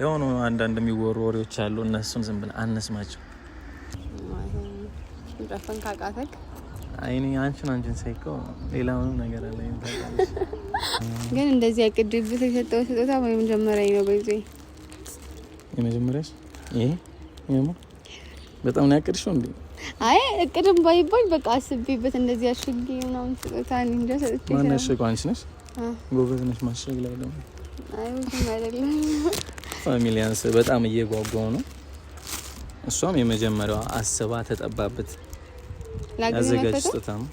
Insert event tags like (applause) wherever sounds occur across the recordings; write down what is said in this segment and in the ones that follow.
የሆኑ አንዳንድ የሚወሩ ወሬዎች አሉ። እነሱን ዝም ብለህ አነስማቸው። መጨፈን ካቃተክ አይኔ አንቺን አንቺን ሳይቀው ሌላ ምንም ነገር አለ። ግን እንደዚህ አቅድብህ የሰጠው ስጦታ ወይ መጀመሪያ ነው። በጊዜ የመጀመሪያ ይሄ ይሄማ በጣም ነው ያቅድሽው እንዴ? አይ እቅድም ባይባኝ በቃ አስቤበት እንደዚህ አሽጌ ምናምን ስጦታ እንጃ ሰጥቼ ማነሽ? አንቺ ነሽ ጎበዝ ነሽ ማሸግ ላይ ደግሞ አይ ብዙም አይደለም ፋሚሊያንስ በጣም እየጓጓው ነው። እሷም የመጀመሪያዋ አስባ ተጠባበት ያዘጋጅ ስጦታ ነው።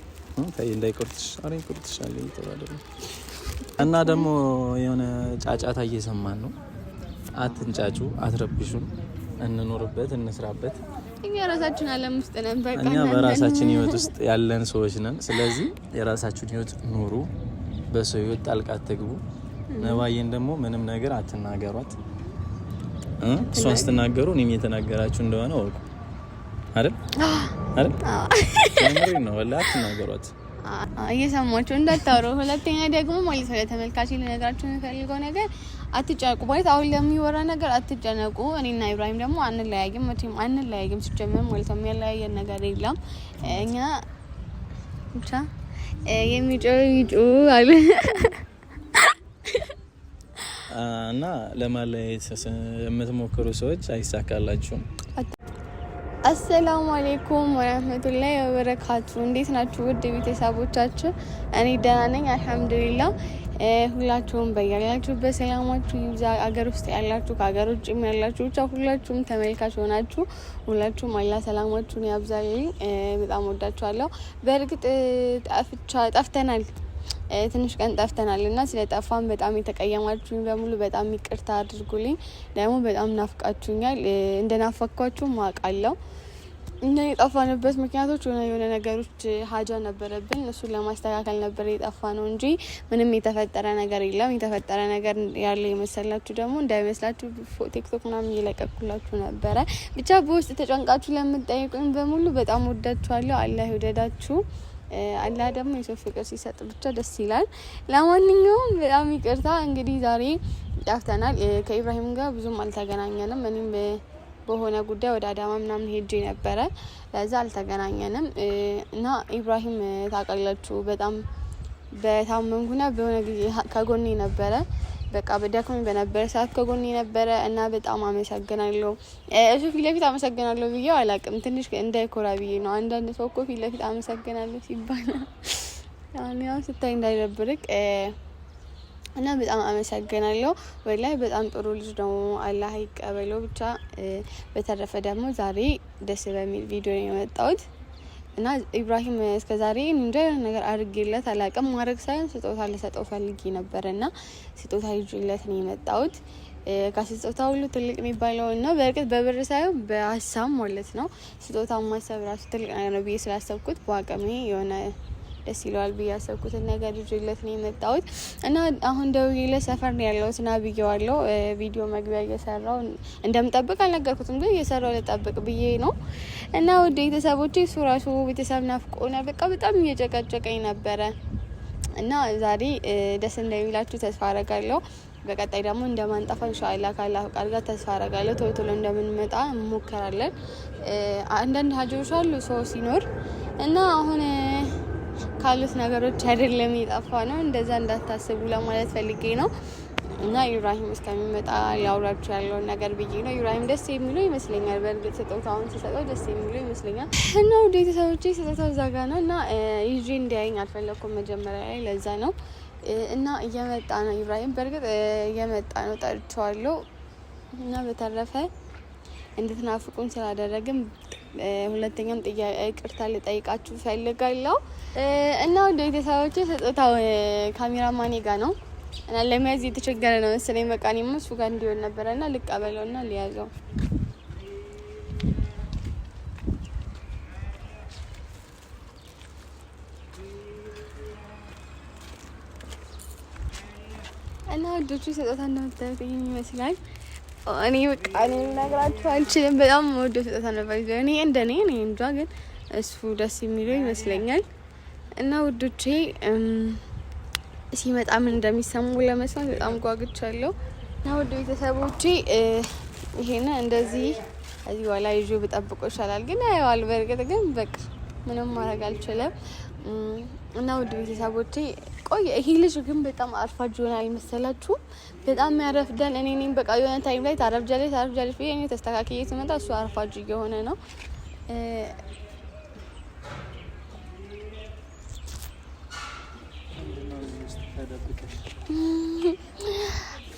እንዳይቆርጥሽ፣ አረ ይቆርጥሻል እየተባለ እና ደግሞ የሆነ ጫጫታ እየሰማን ነው። አትንጫጩ፣ አትረብሹን፣ እንኖርበት፣ እንስራበት። እኛ ራሳችን አለም ውስጥ ነን። በቃ እኛ በራሳችን ህይወት ውስጥ ያለን ሰዎች ነን። ስለዚህ የራሳችሁን ህይወት ኑሩ፣ በሰው ህይወት ጣልቃ አትግቡ። ነባዬን ደግሞ ምንም ነገር አትናገሯት። እሷን ስትናገሩ እኔም እየተናገራችሁ እንደሆነ ወቁ አይደል? (gasps) አይደል? ነው ወላ አትናገሯት። እየሰማችሁ እንዳታወሩ። ሁለተኛ ደግሞ ማለት ነው ለተመልካች ልነግራችሁ የምፈልገው ነገር አትጨነቁ። ማለት አሁን ለሚወራ ነገር አትጨነቁ። እኔና ኢብራሂም ደግሞ አንለያይም፣ መቼም አንለያይም። ሲጀመር ማለት ነው የሚያለያየን ነገር የለም። እኛ ብቻ የሚጮ ይጩ አለ እና ለማለያየት የምትሞክሩ ሰዎች አይሳካላችሁም። አሰላሙ አሌይኩም ወረህመቱላሂ ወበረካቱ። እንዴት ናችሁ ውድ ቤተሰቦቻችን? እኔ ደህና ነኝ አልሐምዱሊላ። ሁላችሁም በያላችሁ በሰላማችሁ ይብዛ። አገር ውስጥ ያላችሁ ከሀገር ውጭም ያላችሁ ብቻ ሁላችሁም ተመልካች ሆናችሁ ሁላችሁም አላ ሰላማችሁን ያብዛልኝ። በጣም ወዳችኋለሁ። በእርግጥ ጠፍቻ ጠፍተናል ትንሽ ቀን ጠፍተናል እና ጠፋን በጣም የተቀየማችሁኝ በሙሉ በጣም ይቅርታ አድርጉልኝ። ደግሞ በጣም ናፍቃችሁኛል። እንደናፈኳችሁ ናፈኳችሁም አውቃለሁ። እኛ የጠፋንበት ምክንያቶች የሆነ የሆነ ነገሮች ሀጃ ነበረብን። እሱን ለማስተካከል ነበር የጠፋ ነው እንጂ ምንም የተፈጠረ ነገር የለም። የተፈጠረ ነገር ያለ የመሰላችሁ ደግሞ እንዳይመስላችሁ ቲክቶክ ምናምን እየለቀኩላችሁ ነበረ። ብቻ በውስጥ ተጨንቃችሁ ለምንጠይቁኝ በሙሉ በጣም ወዳችኋለሁ። አላህ ይውደዳችሁ። አላ ደግሞ የሰው ፍቅር ሲሰጥ ብቻ ደስ ይላል። ለማንኛውም በጣም ይቅርታ እንግዲህ ዛሬ ጠፍተናል። ከኢብራሂም ጋር ብዙም አልተገናኘንም። እኔም በሆነ ጉዳይ ወደ አዳማ ምናምን ሄጄ ነበረ፣ ለዛ አልተገናኘንም እና ኢብራሂም ታውቃላችሁ በጣም በታመምኩና በሆነ ጊዜ ከጎኔ ነበረ በቃ በደክሞኝ በነበረ ሰዓት ከጎን የነበረ እና በጣም አመሰግናለሁ። እሱ ፊት ለፊት አመሰግናለሁ ብዬው አላውቅም። ትንሽ እንዳይኮራ ብዬ ነው። አንዳንድ ሰው እኮ ፊት ለፊት አመሰግናለሁ ሲባል (laughs) ያው ስታይ እንዳይደብርቅ እና በጣም አመሰግናለሁ። ወላይ በጣም ጥሩ ልጅ ደግሞ አላህ ይቀበለው። ብቻ በተረፈ ደግሞ ዛሬ ደስ በሚል ቪዲዮ ነው የመጣሁት። እና ኢብራሂም እስከ ዛሬ እንደ ነገር አድርጌለት አላውቅም። ማድረግ ሳይሆን ስጦታ ልሰጠው ፈልጌ ነበር እና ስጦታ ይዤለት ነው የመጣሁት። ከስጦታ ሁሉ ትልቅ የሚባለው ነው። በእርግጥ በብር ሳይሆን በሀሳብ ማለት ነው። ስጦታ ማሰብ ራሱ ትልቅ ነገር ነው ብዬ ስላሰብኩት በአቅሜ የሆነ ደስ ይለዋል ብዬ ያሰብኩትን ነገር ልጅለት ነው የመጣሁት እና አሁን ደውዬ ሰፈር ነው ያለሁት እና ብዬዋለሁ። ቪዲዮ መግቢያ እየሰራው እንደምጠብቅ አልነገርኩትም፣ ግን እየሰራው ልጠብቅ ብዬ ነው እና ውድ ቤተሰቦች እሱ ራሱ ቤተሰብ ናፍቆና በቃ በጣም እየጨቀጨቀኝ ነበረ እና ዛሬ ደስ እንደሚላችሁ ተስፋ አረጋለሁ። በቀጣይ ደግሞ እንደማንጠፋ ኢንሻአላ ካላ ፍቃድ ጋር ተስፋ አረጋለሁ። ቶሎ ቶሎ እንደምንመጣ እንሞከራለን። አንዳንድ ሀጆች አሉ ሰው ሲኖር እና አሁን ካሉት ነገሮች አይደለም የጠፋ ነው። እንደዛ እንዳታስቡ ለማለት ፈልጌ ነው። እና ኢብራሂም እስከሚመጣ ሊያውራችሁ ያለውን ነገር ብዬ ነው። ኢብራሂም ደስ የሚለው ይመስለኛል። በእርግጥ ስጦታውን ስሰጠው ደስ የሚለው ይመስለኛል። እና ውድ ቤተሰቦች ስጦታው እዛ ጋ ነው እና ይዤ እንዲያየኝ አልፈለግኩም መጀመሪያ ላይ ለዛ ነው። እና እየመጣ ነው ኢብራሂም፣ በእርግጥ እየመጣ ነው ጠርቸዋለሁ። እና በተረፈ እንድትናፍቁን ስላደረግም ሁለተኛም ጥያቄ ይቅርታ ልጠይቃችሁ ፈልጋለሁ እና ወደ ቤተሰቦቼ ስጦታው ካሜራ ማኔ ጋ ነው እና ለመያዝ የተቸገረ ነው መሰለኝ። በቃ እኔማ እሱ ጋር እንዲሆን ነበረ እና ልቀበለው እና ሊያዘው እና ወዶቹ ስጦታ እንደምታዩት ይህን ይመስላል። እኔ በቃ እኔ ልነግራችሁ አልችልም። በጣም ወደው ስጦታ ነበር ይዘው እኔ እንደኔ እኔ እንጃ ግን እሱ ደስ የሚለው ይመስለኛል። እና ውዶቼ ሲመጣ ምን እንደሚሰሙ ለመስማት በጣም ጓጉቻለሁ። እና ውድ ቤተሰቦቼ ይሄን እንደዚህ እዚህ በኋላ ይዞ ብጠብቆ ይሻላል፣ ግን ያየዋል። በእርግጥ ግን በቃ ምንም ማድረግ አልችልም። እና ውድ ቤተሰቦቼ ቆይ ይሄ ልጅ ግን በጣም አርፋጅ ሆነ አይመሰላችሁም? በጣም ያረፍደን እኔ እኔም በቃ የሆነ ታይም ላይ ታረፍጃለች ታረፍጃለች ብዬ እኔ ተስተካክዬ ስመጣ እሱ አርፋጅ እየሆነ ነው።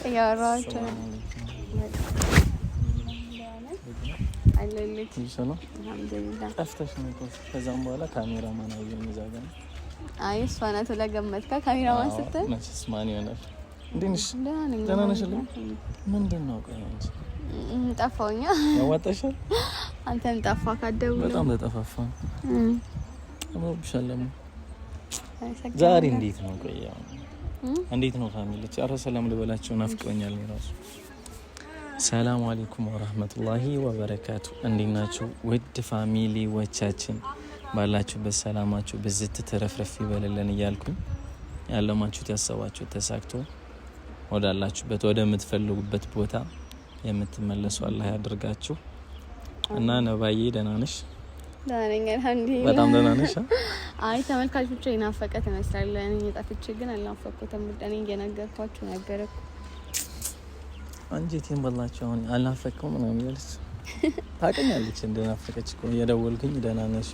እያወራኋቸው ነው አለልኝ። አልሐምዱሊላህ ጠፍተሽ ነው። ከዛም በኋላ ካሜራ ማን አየሁ እዛ ጋር ነው አይ እሷ ናት ብለህ ገመትካ። ካሜራማን ስትል መቼስ ማን ይሆናል? እንዴት ነሽ? ደህና ነሽ? ምንድን ነው ጠፋሁኛ። ያዋጣሻል። አንተም ጠፋ ካደው በጣም ተጠፋፋ። አምሮብሻል። ዛሬ እንዴት ነው? ቆይ እንዴት ነው ፋሚሊዎች? ኧረ ሰላም ልበላቸው ናፍቆኛል እራሱ። ሰላም አለይኩም ወራህመቱላሂ ወበረካቱ። እንዴት ናችሁ ውድ ፋሚሊዎቻችን? ባላችሁበት ሰላማችሁ ብዝት ተረፍረፍ ይበልልን እያልኩኝ ያለማችሁት ያሰባችሁት ተሳክቶ ወዳላችሁበት ወደ የምትፈልጉበት ቦታ የምትመለሱ አላህ ያድርጋችሁ እና ነባዬ ደህና ነሽ? በጣም ደህና ነሽ? አይ ተመልካቾች የናፈቀ ትመስላለ። እኔ ግን አልናፈኩትም። እኔ እየነገርኳችሁ ነበረ። አንጀቴን በላችሁ። አሁን አልናፈቀው ምናምን እያለች ታውቀኛለች እንደናፈቀች እኮ የደወልክኝ ደህና ነሽ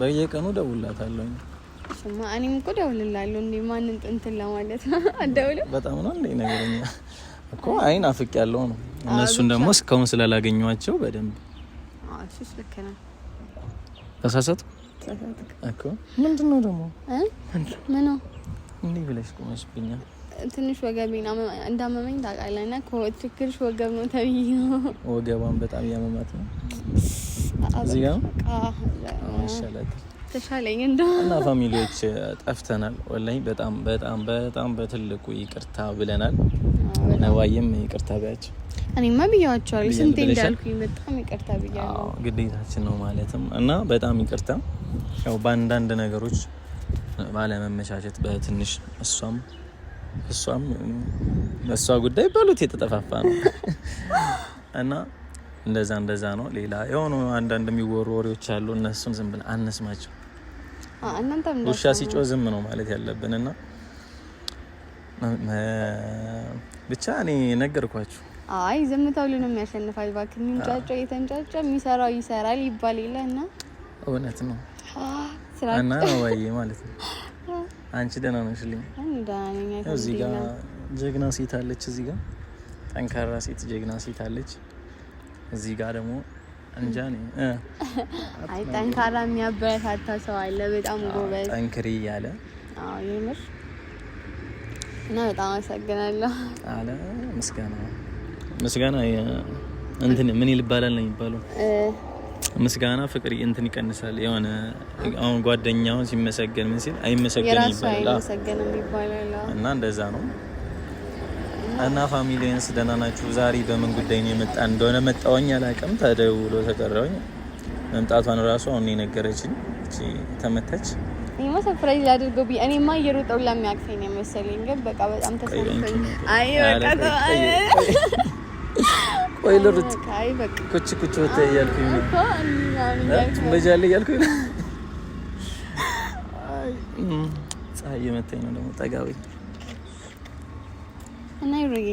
በየቀኑ ደውላታለሁ። ስማ እኔም እኮ ደውልላለሁ። እንዴ ማንን እንትን ለማለት (laughs) አደውልም። በጣም ነው እንዴ ነገረኛ እኮ አይን አፍቅ ያለው ነው። እነሱን ደግሞ እስካሁን ስላላገኘኋቸው በደንብ አሱስ ልክ ነህ። ተሳሳትኩ እኮ ምንድን ነው ደግሞ ምን ነው እንዲህ ብለሽ ቁመሽብኛል። ትንሽ ወገቤ እንዳመመኝ ታውቃለህ። እና ችግርሽ ወገብ ነው ተብዬ ወገቧን በጣም እያመማት ነው። እዚህ ጋር ተሻለኝ። እና ፋሚሊዎች ጠፍተናል። ወላሂ በጣም በጣም በጣም በትልቁ ይቅርታ ብለናል። ነዋይም ይቅርታ ቢያቸው እኔማ ብያቸዋለሁ። ስንቴ እንዳልኩኝ በጣም ይቅርታ ብያለሁ። ግዴታችን ነው ማለትም እና በጣም ይቅርታ ያው በአንዳንድ ነገሮች ባለመመቻቸት በትንሽ እሷም እሷም እሷ ጉዳይ ባሉት የተጠፋፋ ነው እና እንደዛ እንደዛ ነው። ሌላ የሆኑ አንዳንድ የሚወሩ ወሬዎች አሉ። እነሱን ዝም ብለን አነስማቸው። ውሻ ሲጮህ ዝም ነው ማለት ያለብን እና ብቻ እኔ ነገርኳችሁ። አይ ዝምታው ሁሉንም ያሸንፋል። እባክህ የሚንጫጫው የተንጫጫ የሚሰራው ይሰራል ይባል የለ እና እውነት ነው እና ነው ወይ ማለት ነው አንቺ ደህና እዚህ ጋ ጀግና ሴት አለች። እዚህ ጋ ጠንካራ ሴት ጀግና ሴት አለች። እዚህ ጋ ደግሞ እንጃ አይ ጠንካራ የሚያበረታታ ሰው አለ፣ በጣም ጎበዝ ጠንክሪ እያለ እና በጣም አመሰግናለሁ አለ። ምስጋና ምስጋና እንትን ምን ይልባላል ነው የሚባለው ምስጋና ፍቅር እንትን ይቀንሳል። የሆነ አሁን ጓደኛውን ሲመሰገን ምን ሲል አይመሰገን ይባላል እና እንደዛ ነው። እና ፋሚሊየንስ ደህና ናችሁ? ዛሬ በምን ጉዳይ ነው የመጣ እንደሆነ መጣወኝ አላውቅም። ተደውሎ ተጠራውኝ መምጣቷን ራሱ አሁን የነገረችኝ እ ተመታች። እኔማ ሰርፕራይዝ ላድርገው ብዬ እኔማ እየሮጠው ለሚያቅፈኝ ነው የመሰለኝ። ግን በቃ በጣም ተሰምቶኝ አይ በቃ ቆይ ልሩጥ ኩች ኩች ወተ እያልኩኝ ነው ትንበጃለህ ፀሐይ እየመታኝ ነው። ደግሞ ጠጋቢ እና ይሩዬ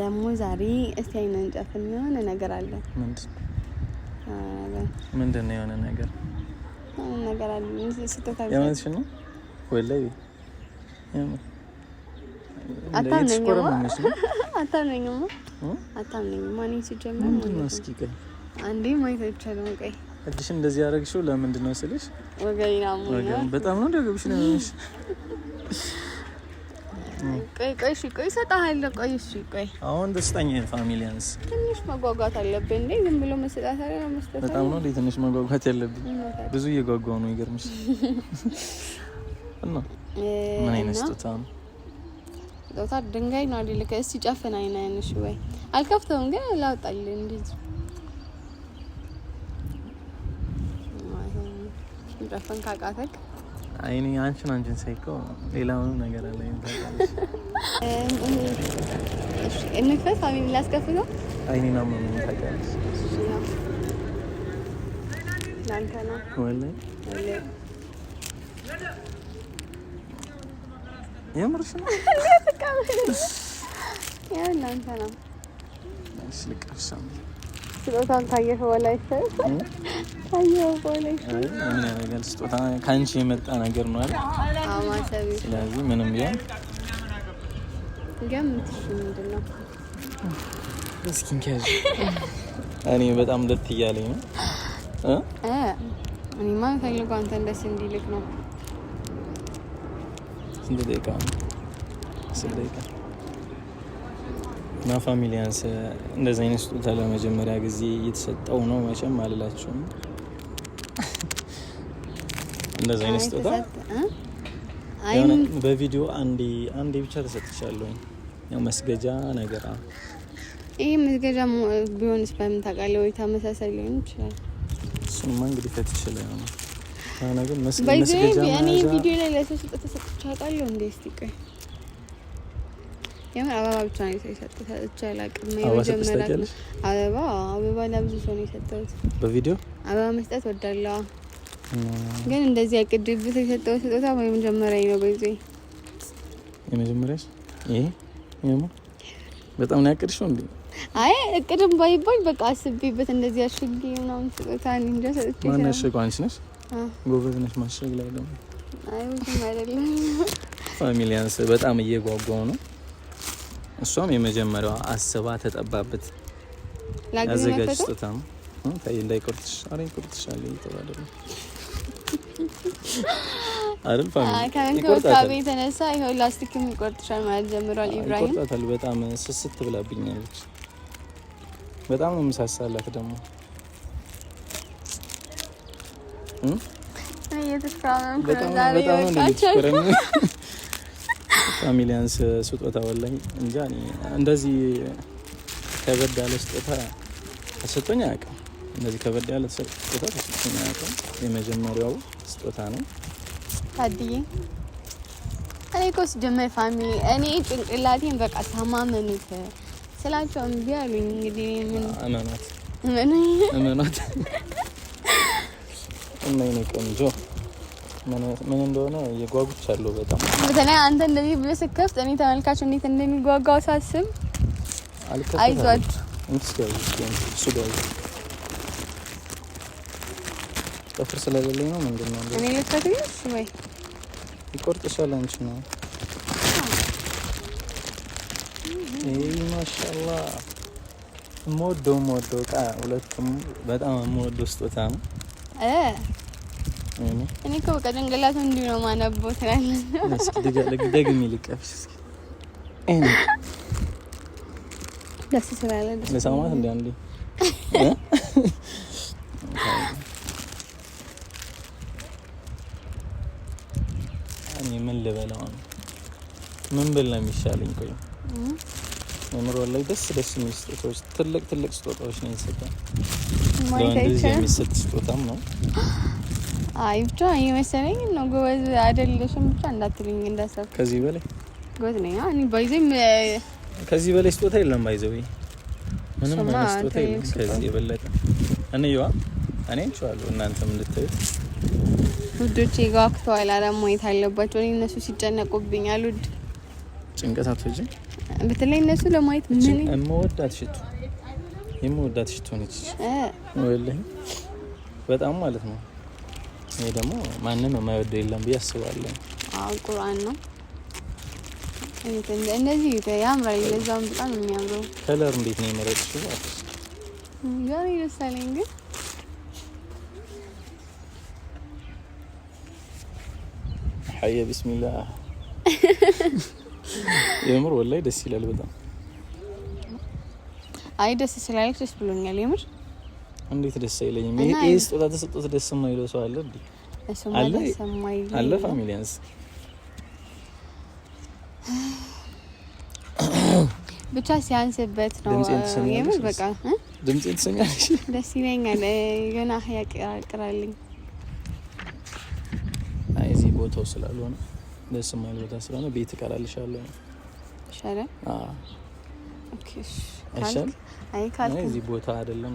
ደግሞ ዛሬ እስቲ አይነን ጨፍን የሆነ ነገር አለ። ምንድን ነው የሆነ ነገር ነገር አለ። ስጦታ የእውነትሽ አታምነኝም፣ አታምነኝም። ማንኝ ሲጀምር ምንድነው? እስኪ ቆይ አንዴ ማየት አይቻልም። ቆይ እድሽ እንደዚህ ያደረግሽው ለምንድን ነው ስልሽ፣ በጣም ነው ደግብሽ ነው የሚልሽ። ቆይ ቆይ እሺ፣ እሰጥሃለሁ። እሺ፣ አሁን ደስተኛ ፋሚሊያንስ ትንሽ መጓጓት እንዴ? ዝም ብሎ መስጠት አለ መስጠት በጣም ነው እንዴ? ትንሽ መጓጓት ያለብኝ ብዙ እየጓጓው ነው። ይገርምሽ (laughs) እና ምን አይነት ስጦታ ነው ዶታር ድንጋይ ነው አይደል? ከእስ ይጨፍን አይና ወይ አልከፍተውም፣ ግን ላውጣልኝ እንዴ ጨፈን ካቃተክ አይኔ አንቺን አንቺን ሳይኮ ሌላ ምንም ነገር አለ እንፈስ አሚ ላስከፍተው አይኔ ነው ምን ታውቂያለሽ? የምርሽ ነው እናንተ ስጦታን ታየፈ በላይ ምን ያደርጋል? ስጦታ ከአንቺ የመጣ ነገር ነው አይደል? ስለዚህ ምንም ቢሆን እስኪ እንኪያዥ። እኔ በጣም ደት እያለኝ ነው። እኔማ የምፈልገው አንተን ደስ እንዲልክ ነው። ስንት ደቂቃ ነው? አስር ደቂቃ እና ፋሚሊያንስ እንደዚህ አይነት ስጦታ ለመጀመሪያ ጊዜ እየተሰጠው ነው። መቼም አልላችሁም። እንደዚህ አይነት ስጦታ በቪዲዮ አንዴ አንዴ ብቻ ተሰጥቻለሁኝ። ያው መስገጃ ነገር ይህ መስገጃ ቢሆንስ በምን ታውቃለህ? ወይ ተመሳሳይ ሊሆን ይችላል። እሱንማ እንግዲህ ከትችለ ነው ነገር መስገጃ እኔ ቪዲዮ ላይ ለሰው ስጦታ ሰጥቻለሁ። እንዴ እስቲ ቆይ የምር አበባ ብቻ ነው የሰጠሁት። ሰጥቼ አላውቅም። የመጀመሪያ አበባ አበባ ለብዙ ሰው ነው የሰጠሁት። በቪዲዮ አበባ መስጠት ወዳለዋ ግን እንደዚህ አቅድብት የሰጠሁት ስጦታ የመጀመሪያ ነው። ይሄ በጣም ነው ያቅድሽው እንዴ? አይ እቅድም ባይባል በቃ አስቤበት እንደዚህ ምናምን ስጦታ እንጃ ሰጥቼ ማን ያሸገው? አንቺ ነሽ ጎበዝ ነሽ ማሸግ ላይ ደግሞ። አይ አይደለም። ፋሚሊያንስ በጣም እየጓጓው ነው እሷም የመጀመሪያዋ አስባ ተጠባበት ያዘጋጅ ስጦታ ነው። ታይ እንዳይቆርጥሽ፣ አረ ይቆርጥሽ አለ እየተባለ አይደል ፋሚሊ የተነሳ ይኸው ላስቲክም ይቆርጥሻል ማለት ጀምሯል። ኢብራሂም ይቆርጣታል። በጣም ስስት ብላብኛለች። በጣም ነው የምሳሳላት ደግሞ በጣም ነው ፋሚሊያንስ ስጦታ ወላኝ እንጃ እንደዚህ ከበድ ያለ ስጦታ ተሰጥቶኝ አያውቅም። እንደዚህ ከበድ ያለ ስጦታ ተሰጥቶኝ አያውቅም። የመጀመሪያው ስጦታ ነው። ታድዬ እኔ እኮ ስጀመር ፋሚሊ እኔ ጭንቅላቴን በቃ ታማመኑት ስላቸው እምቢ አሉኝ። እንግዲህ ምን እመኗት እመኗት እመኗት እና የኔ ቆንጆ ምን እንደሆነ እየጓጉቻለሁ በጣም በተለይ አንተ እንደዚህ ብለህ ስትከፍት እኔ ተመልካች እንዴት እንደሚጓጓው ሳስብ አይዟችሁ ጥፍር ስለሌለኝ ነው። ምንድን ነው እኔ ልከት ወይ ይቆርጥሻል። አንቺ ነው ማሻላ የምወደው የምወደው እቃ ሁለቱም በጣም የምወደው ስጦታ ነው። እኔ እኮ በቃ ጭንቅላቱ እንዲሁ ነው ምን ልበላው ነው? ምን ብል ነው የሚሻለኝ? ቆይ መምሮ ላይ ደስ ደስ የሚል ስጦታዎች፣ ትልቅ ትልቅ ስጦታዎች ነው የሚሰጠው። ለወንድ ልጅ የሚሰጥ ስጦታም ነው አይ ብቻ የመሰለኝ ነው። ጎበዝ አይደለሽም ብቻ እንዳትልኝ ከዚህ በላይ ጎበዝ ነኝ ከዚህ በላይ ስጦታ የለም ባይዘው፣ ምንም ስጦታ የለም ከዚህ የበለጠ። እንየዋ እኔ እንችዋለሁ እናንተም እንድታዩት ማየት አለባቸው። እኔ እነሱ ሲጨነቁብኛል። ውድ ጭንቀት በተለይ እነሱ ለማየት ምን የምወዳት ሽቱ የምወዳት ሽቱ ነች ወላሂ፣ በጣም ማለት ነው ይሄ ደግሞ ማንም የማይወደው የለም ብዬ አስባለሁ። አዎ ቁርአን ነው። እንደዚህ ያምራል። ለዛም በጣም የሚያምረው። ከለር እንዴት ነው የመረጥሽው? ያኔ ደሳለኝ ግን ሀየ ቢስሚላህ የምር ወላይ ደስ ይላል በጣም። አይ ደስ ስላለች ደስ ብሎኛል የምር እንዴት ደስ አይለኝም? ይሄ ስጦታ ተሰጥቶት ደስ ነው የማይለው ሰው አለ እንዴ? አለ አለ ፋሚሊያንስ ብቻ ሲያንስበት ነው። የምር በቃ ድምጼን ትሰሚያለሽ? ደስ ይለኛል። ገና አህያ ቅራልኝ። አይ እዚህ ቦታው ስላልሆነ ደስ የማይል ቦታ ስለሆነ ቤት እቀራልሻለሁ። ይሻላል። አይ ካልክ እዚህ ቦታ አይደለም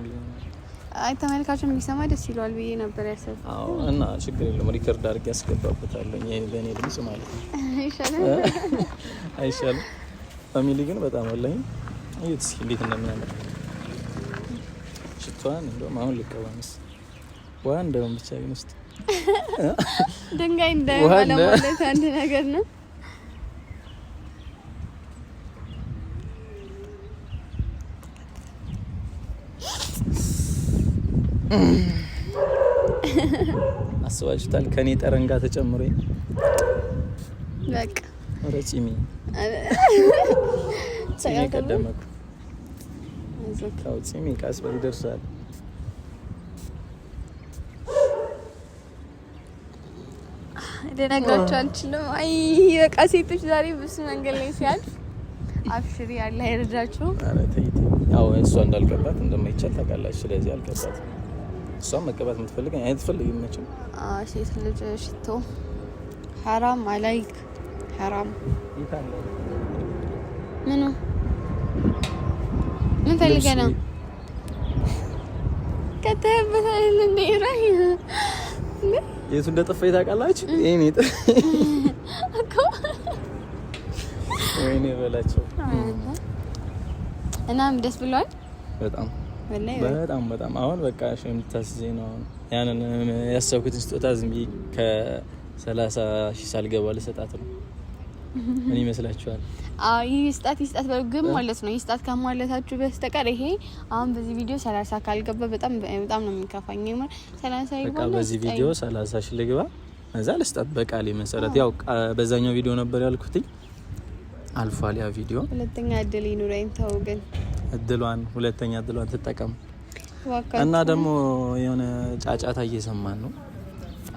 አይ ተመልካችን ቢሰማ ደስ ይለዋል ብዬ ነበር ያሰብኩት። አዎ እና ችግር የለም ሪከርድ አድርጌ ያስገባበታለሁ ይሄ በእኔ ድምጽ ማለት ነው። (laughs) አይሻልም? ፋሚሊ ግን በጣም አለኝ። እዩት እስኪ እንዴት እንደሚያምር ሽቷን። እንደውም አሁን ልቀባንስ ምስ ውሃ እንደውም ብቻ ግን ውስጥ (laughs) ድንጋይ እንዳይሆን ማለት አንድ ነገር ነው። አስባችሁታል? ከኔ ጠረንጋ ተጨምሮ በቃ ረጭሚ ቀደመኩ። ፂሚ ቀስ በል ይደርሳል። ልነግራችሁ አልችልም። አይ በቃ ሴቶች ዛሬ ብስ መንገድ ላይ ሲያልፍ አብሽሪ ያለ አይረዳችሁም። ያው እሷ እንዳልገባት እንደማይቻል ታውቃላችሁ። ስለዚህ አልገባት እሷም መቀባት የምትፈልገኝ አይነት ፈልግ ይመችም ሴት ልጅ ሽቶ ሀራም አላይክ ሀራም ምኑ ምን ፈልገ ነው ከተህበታል እንደ ራይ የቱ እንደጠፋ ታውቃላችሁ? ይሄኔ (laughs) እኮ ወይኔ በላቸው። እናም ደስ ብሏል በጣም በጣም በጣም አሁን በቃ ሸም ልታስይዘኝ ነው። ያንን ያሰብኩትን ስጦታ ዝም ብዬ ከሰላሳ ሺህ ሳልገባ ልሰጣት ነው። (laughs) ምን ይመስላችኋል? ይህ ስጣት ይስጣት በግም ማለት ነው። ይስጣት ከማለታችሁ በስተቀር ይሄ አሁን በዚህ ቪዲዮ ሰላሳ ካልገባ በጣም በጣም ነው የሚከፋኝ። ይመር ሰላሳ ይገባ በዚህ ቪዲዮ ሰላሳ ሺህ ልግባ እዛ ልስጣት በቃሌ መሰረት ያው በዛኛው ቪዲዮ ነበር ያልኩትኝ አልፏል ያ ቪዲዮ። ሁለተኛ እድል ይኑረኝ። ተው ግን እድሏን ሁለተኛ እድሏን ትጠቀም እና ደግሞ የሆነ ጫጫታ እየሰማን ነው።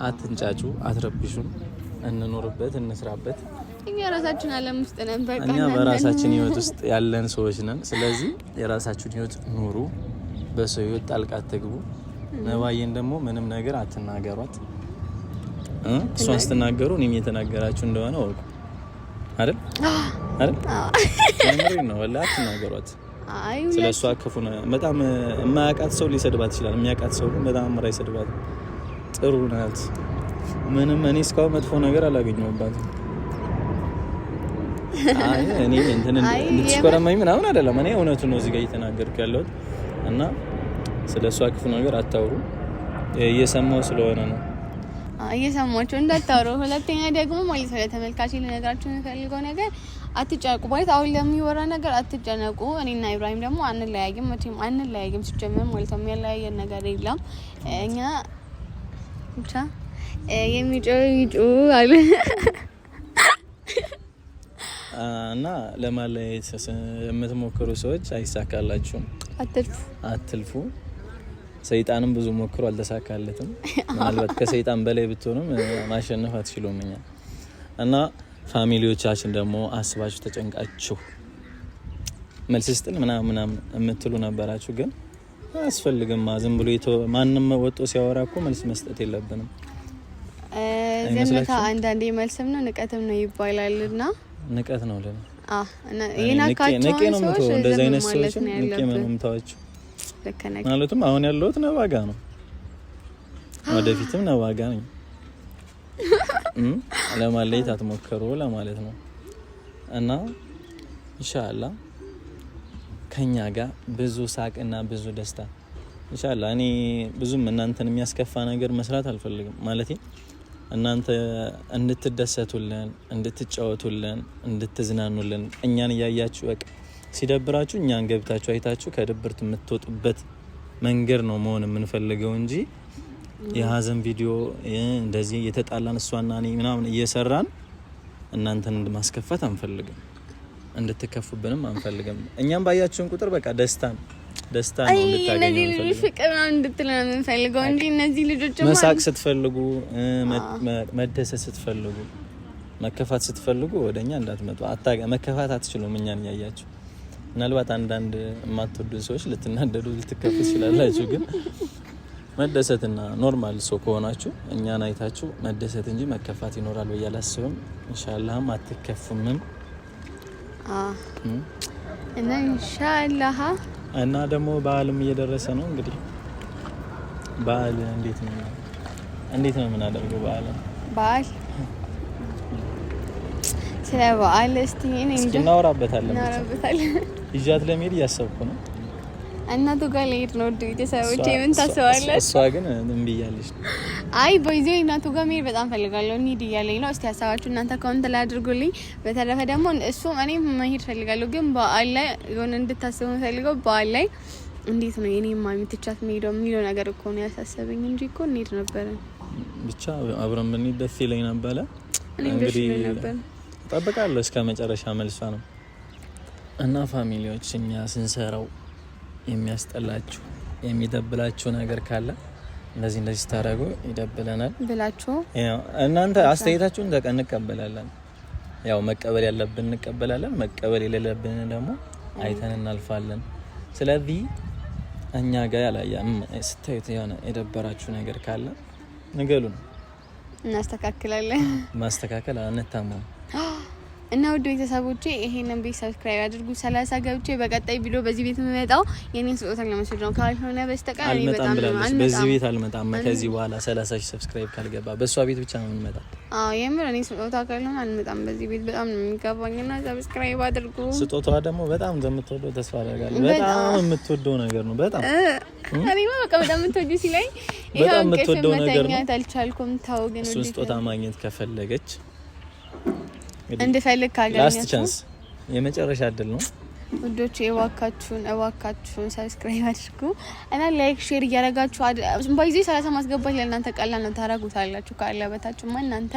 አትንጫጩ፣ አትረብሹ፣ እንኖርበት፣ እንስራበት። እኛ ራሳችን አለም ውስጥ ነን። በቃ እኛ በራሳችን ህይወት ውስጥ ያለን ሰዎች ነን። ስለዚህ የራሳችሁን ህይወት ኑሩ፣ በሰው ህይወት ጣልቃ አትግቡ። ነባዬን ደግሞ ምንም ነገር አትናገሯት። እሷን ስትናገሩ እኔም እየተናገራችሁ እንደሆነ ወቁ። አይደል (gasps) አይደል? ምንም ነው አትናገሯት። ክፉ ነው በጣም የማያውቃት ሰው ሊሰድባት ይችላል። የሚያውቃት ሰው ግን በጣም አምራ ይሰድባት። ጥሩ ናት። ምንም እኔ እስካሁን መጥፎ ነገር አላገኘሁባት። እኔ እንትን ምናምን አይደለም። እኔ ነው እዚህ ጋር እየተናገርኩ ያለሁት እና ስለሷ ክፉ ነገር አታውሩ። እየሰማው ስለሆነ ነው እየሰማችሁ እንዳታወሩ። ሁለተኛ ደግሞ ማለት ነው ለተመልካች ልነግራችሁ የሚፈልገው ነገር አትጨነቁ። ማለት አሁን ለሚወራ ነገር አትጨነቁ። እኔና ኢብራሂም ደግሞ አንለያይም፣ መቼም አንለያይም። ሲጀመር ማለት ነው የሚያለያየን ነገር የለም። እኛ ብቻ የሚጮህ ይጮህ አለ እና ለማለያየት የምትሞክሩ ሰዎች አይሳካላችሁም። አትልፉ፣ አትልፉ ሰይጣንም ብዙ ሞክሮ አልተሳካለትም። (laughs) ምናልባት ከሰይጣን በላይ ብትሆንም ማሸነፍ አትችሉም። እና ፋሚሊዎቻችን ደግሞ አስባችሁ ተጨንቃችሁ መልስ ስጥል ምናምን ምናምን የምትሉ ነበራችሁ። ግን አያስፈልግም። ዝም ብሎ ማንም ወጦ ሲያወራ እኮ መልስ መስጠት የለብንም። ዝምታ አንዳንዴ መልስም ነው ንቀትም ነው ይባላል። ና ንቀት ነው ልን ይህን አካቸውን ሰዎች ዘመማለት ነው ያለብን ልክ ማለትም አሁን ያለሁት ነባጋ ነው፣ (gasps) ወደፊትም ነባጋ ነኝ። ለማለየት አትሞክሩ ለማለት ነው እና ኢንሻአላ ከኛ ጋር ብዙ ሳቅና ብዙ ደስታ ኢንሻአላ። እኔ ብዙም እናንተን የሚያስከፋ ነገር መስራት አልፈልግም ማለት እናንተ እንድትደሰቱልን፣ እንድትጫወቱልን፣ እንድትዝናኑልን እኛን እያያችሁ በቃ ሲደብራችሁ እኛን ገብታችሁ አይታችሁ ከድብርት የምትወጡበት መንገድ ነው መሆን የምንፈልገው እንጂ የሀዘን ቪዲዮ እንደዚህ የተጣላን እሷና እኔ ምናምን እየሰራን እናንተን ማስከፋት አንፈልግም፣ እንድትከፉብንም አንፈልግም። እኛም ባያችሁን ቁጥር በቃ ደስታን ደስታ ነው እነዚህ ልጆች ፍቅር እንድትል ነው የምንፈልገው እንጂ እነዚህ ልጆች መሳቅ ስትፈልጉ፣ መደሰት ስትፈልጉ፣ መከፋት ስትፈልጉ ወደ እኛ እንዳትመጡ። መከፋት አትችሉም እኛን እያያችሁ ምናልባት አንዳንድ የማትወዱ ሰዎች ልትናደዱ ልትከፍ ትችላላችሁ። ግን መደሰትና ኖርማል ሰው ከሆናችሁ እኛን አይታችሁ መደሰት እንጂ መከፋት ይኖራል ብዬ አላስብም። ኢንሻላህም አትከፉምም እና ኢንሻላህ እና ደግሞ በዓልም እየደረሰ ነው። እንግዲህ በዓል እንዴት ነው እንዴት ነው የምናደርገው? በዓል በዓል ስለ በዓል እስቲ እናወራበታለን እናወራበታለን ይዣት ለመሄድ እያሰብኩ ነው። እናቱ ጋር ልሄድ ነው። ውድ ቤተሰቦች ምን ታስባለች? እሷ ግን ምን ብያለች? አይ በይዞ እናቱ ጋር መሄድ በጣም ፈልጋለሁ እንሂድ እያለኝ ነው። እስቲ ሀሳባችሁ እናንተ ኮመንት ላይ አድርጉልኝ። በተረፈ ደግሞ እሱ እኔም መሄድ ፈልጋለሁ፣ ግን በዓል ላይ የሆነ እንድታስቡ ፈልገው በዓል ላይ እንዴት ነው የኔ ማሚ ትቻት መሄደው የሚለው ነገር እኮ ነው ያሳሰበኝ እንጂ እኮ እንሄድ ነበረ። ብቻ አብረን ብንሄድ ደስ ይለኝ ነበረ። እንግዲህ እጠብቃለሁ እስከ መጨረሻ መልሷ ነው እና ፋሚሊዎች እኛ ስንሰራው የሚያስጠላችሁ የሚደብላችሁ ነገር ካለ እንደዚህ እንደዚህ ስታደርጉ ይደብለናል ብላችሁ እናንተ አስተያየታችሁን ተቀ እንቀበላለን። ያው መቀበል ያለብን እንቀበላለን፣ መቀበል የሌለብን ደግሞ አይተን እናልፋለን። ስለዚህ እኛ ጋር ያላየ ስታዩት የሆነ የደበራችሁ ነገር ካለ ንገሉን፣ እናስተካክላለን። ማስተካከል አንታማም እና ውድ ቤተሰቦቼ ይሄንን ቤት ሰብስክራይብ አድርጉ። ሰላሳ ገብቼ በቀጣይ ቪዲዮ በዚህ ቤት የምመጣው የኔን ስጦታ ለመስወድ ነው። ካልሆነ በስተቀር እኔ በጣም በዚህ ቤት አልመጣም። ከዚህ በኋላ ሰላሳ ሺህ ሰብስክራይብ ካልገባ በእሷ ቤት ብቻ ነው የምንመጣ። አዎ የምር እኔ ስጦታ ካልሆነ አልመጣም። በዚህ ቤት በጣም ነው የሚገባኝና ሰብስክራይብ አድርጉ። ስጦታዋ ደግሞ በጣም እንደምትወደው ተስፋ አደርጋለሁ። በጣም የምትወደው ነገር ነው። በጣም እኔማ በቃ በጣም የምትወደው ሲለኝ ይሄው እንቅልፍ መተኛት አልቻልኩም። ተው ግን ስጦታ ማግኘት ከፈለገች እንድፈልግ ካገኘ ላስት ቻንስ የመጨረሻ እድል ነው። ውዶች እባካችሁን እባካችሁን ሰብስክራይብ አድርጉ እና ላይክ ሼር እያደረጋችሁ ባይዜ ሰላሳ ማስገባት ለእናንተ ቀላል ነው። ታረጉታላችሁ ካለበታችሁማ እናንተ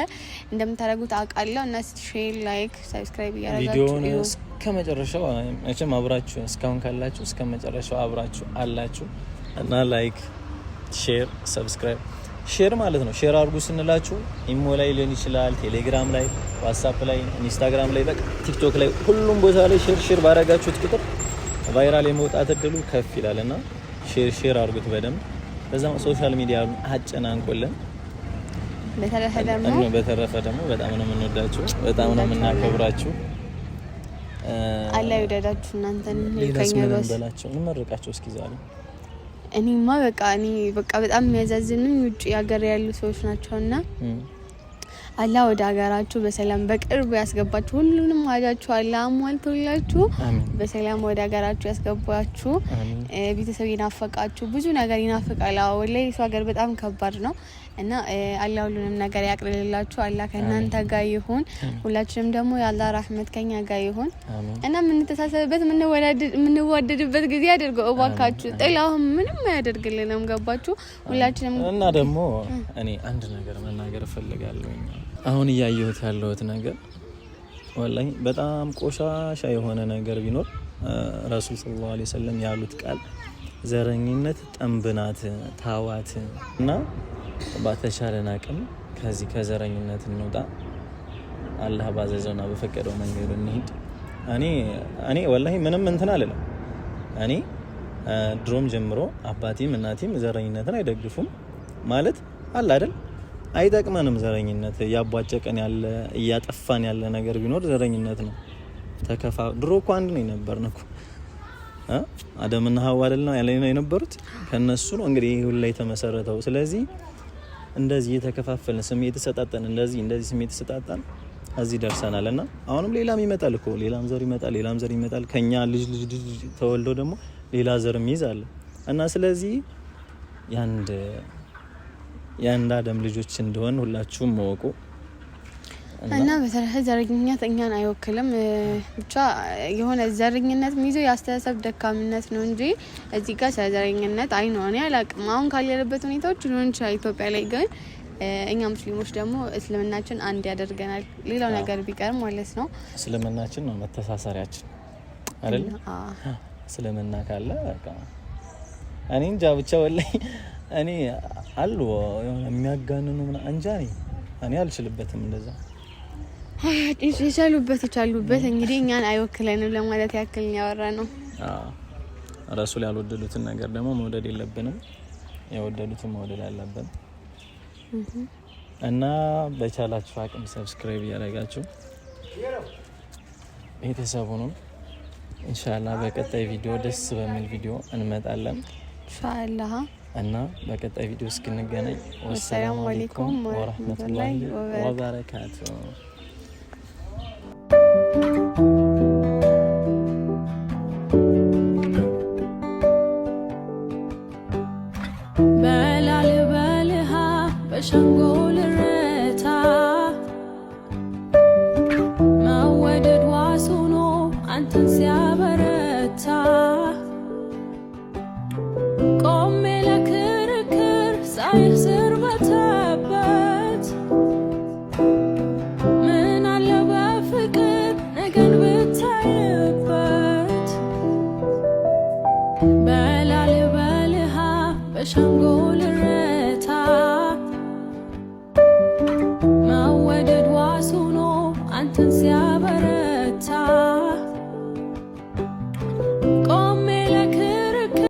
እንደምታረጉት አውቃለሁ። እና ሼር ላይክ ሰብስክራይብ እያደረጋችሁ እስከ መጨረሻው መቼም አብራችሁ እስካሁን ካላችሁ እስከ መጨረሻው አብራችሁ አላችሁ እና ላይክ ሼር ሰብስክራይብ ሼር ማለት ነው። ሼር አድርጉ ስንላችሁ ኢሞ ላይ ሊሆን ይችላል፣ ቴሌግራም ላይ፣ ዋትሳፕ ላይ፣ ኢንስታግራም ላይ፣ በቃ ቲክቶክ ላይ፣ ሁሉም ቦታ ላይ ሼር ሼር ባረጋችሁት ቁጥር ቫይራል የመውጣት እድሉ ከፍ ይላል እና ሼር ሼር አድርጉት በደንብ። በዛም ሶሻል ሚዲያ አጨናንቆልን። በተረፈ ደግሞ በጣም ነው የምንወዳችሁ፣ በጣም ነው የምናከብራችሁ። አላ ይውደዳችሁ እናንተን ከኛ በላቸው እንመርቃቸው እስኪ ዛሬ እኔማ በቃ እኔ በቃ በጣም የሚያዛዝኑኝ ውጭ ሀገር ያሉ ሰዎች ናቸውና አላህ ወደ ሀገራችሁ በሰላም በቅርቡ ያስገባችሁ። ሁሉንም ሀጃችሁ አላህ አሟልቶላችሁ በሰላም ወደ ሀገራችሁ ያስገባችሁ። ቤተሰብ ይናፈቃችሁ፣ ብዙ ነገር ይናፍቃል። ወላሂ የሰው ሀገር በጣም ከባድ ነው እና አላህ ሁሉንም ነገር ያቅልልላችሁ። አላህ ከእናንተ ጋር ይሁን። ሁላችንም ደግሞ የአላህ ራህመት ከኛ ጋር ይሁን እና የምንተሳሰብበት የምንዋደድበት ጊዜ አድርገው እባካችሁ። ጥላሁን ምንም አያደርግልንም። ገባችሁ? ሁላችንም እና ደግሞ እኔ አንድ ነገር መናገር እፈልጋለሁ አሁን እያየሁት ያለሁት ነገር ወላሂ በጣም ቆሻሻ የሆነ ነገር ቢኖር ረሱል ሰለላሁ ዐለይሂ ወሰለም ያሉት ቃል ዘረኝነት ጠንብናት ታዋት እና ባተቻለን አቅም ከዚህ ከዘረኝነት እንውጣ። አላህ ባዘዘውና በፈቀደው መንገድ እንሂድ። እኔ እኔ ወላሂ ምንም እንትን አልለም። እኔ ድሮም ጀምሮ አባቴም እናቴም ዘረኝነትን አይደግፉም ማለት አለ አይደል አይጠቅመንም። ዘረኝነት እያቧጨቀን ያለ እያጠፋን ያለ ነገር ቢኖር ዘረኝነት ነው። ተከፋ ድሮ እኮ አንድ ነው የነበር ነው አደምና ሀዋ አይደል ነው ያለ የነበሩት ከነሱ ነው እንግዲህ ይህ ላይ የተመሰረተው። ስለዚህ እንደዚህ የተከፋፈልን ስሜት ተሰጣጠን፣ እንደዚህ እንደዚህ ስሜት ተሰጣጠን እዚህ ደርሰናል። እና አሁንም ሌላም ይመጣል እኮ ሌላም ዘር ይመጣል፣ ሌላም ዘር ይመጣል። ከኛ ልጅ ልጅ ልጅ ተወልዶ ደግሞ ሌላ ዘርም የሚይዝ እና ስለዚህ ያንድ የአንድ አደም ልጆች እንደሆን ሁላችሁም መወቁ እና በተረፈ ዘረኝነት እኛን አይወክልም። ብቻ የሆነ ዘረኝነት የሚይዘው የአስተሳሰብ ደካምነት ነው እንጂ እዚህ ጋር ስለ ዘረኝነት አይኖ ነው እኔ አላውቅም። አሁን ካለንበት ሁኔታዎች ሊሆን ይችላል። ኢትዮጵያ ላይ ግን እኛ ሙስሊሞች ደግሞ እስልምናችን አንድ ያደርገናል። ሌላው ነገር ቢቀር ማለት ነው እስልምናችን ነው መተሳሰሪያችን አይደለ? እስልምና ካለ እኔ እንጃ ብቻ ወላሂ እኔ አሉ የሆነ የሚያጋንኑ እንጃ እኔ አልችልበትም። እንደዛ የቻሉበት የቻሉበት እንግዲህ እኛን አይወክለንም ለማለት ያክል ያወራ ነው። ረሱል ያልወደዱትን ነገር ደግሞ መውደድ የለብንም፣ የወደዱትን መውደድ አለብን። እና በቻላችሁ አቅም ሰብስክራይብ እያደረጋችሁ ቤተሰቡንም እንሻላ በቀጣይ ቪዲዮ ደስ በሚል ቪዲዮ እንመጣለን ኢንሻላ እና በቀጣይ ቪዲዮ እስክንገናኝ ወሰላሙ አሌይኩም ወረህመቱላሂ ወበረካቱ። ሸንጎ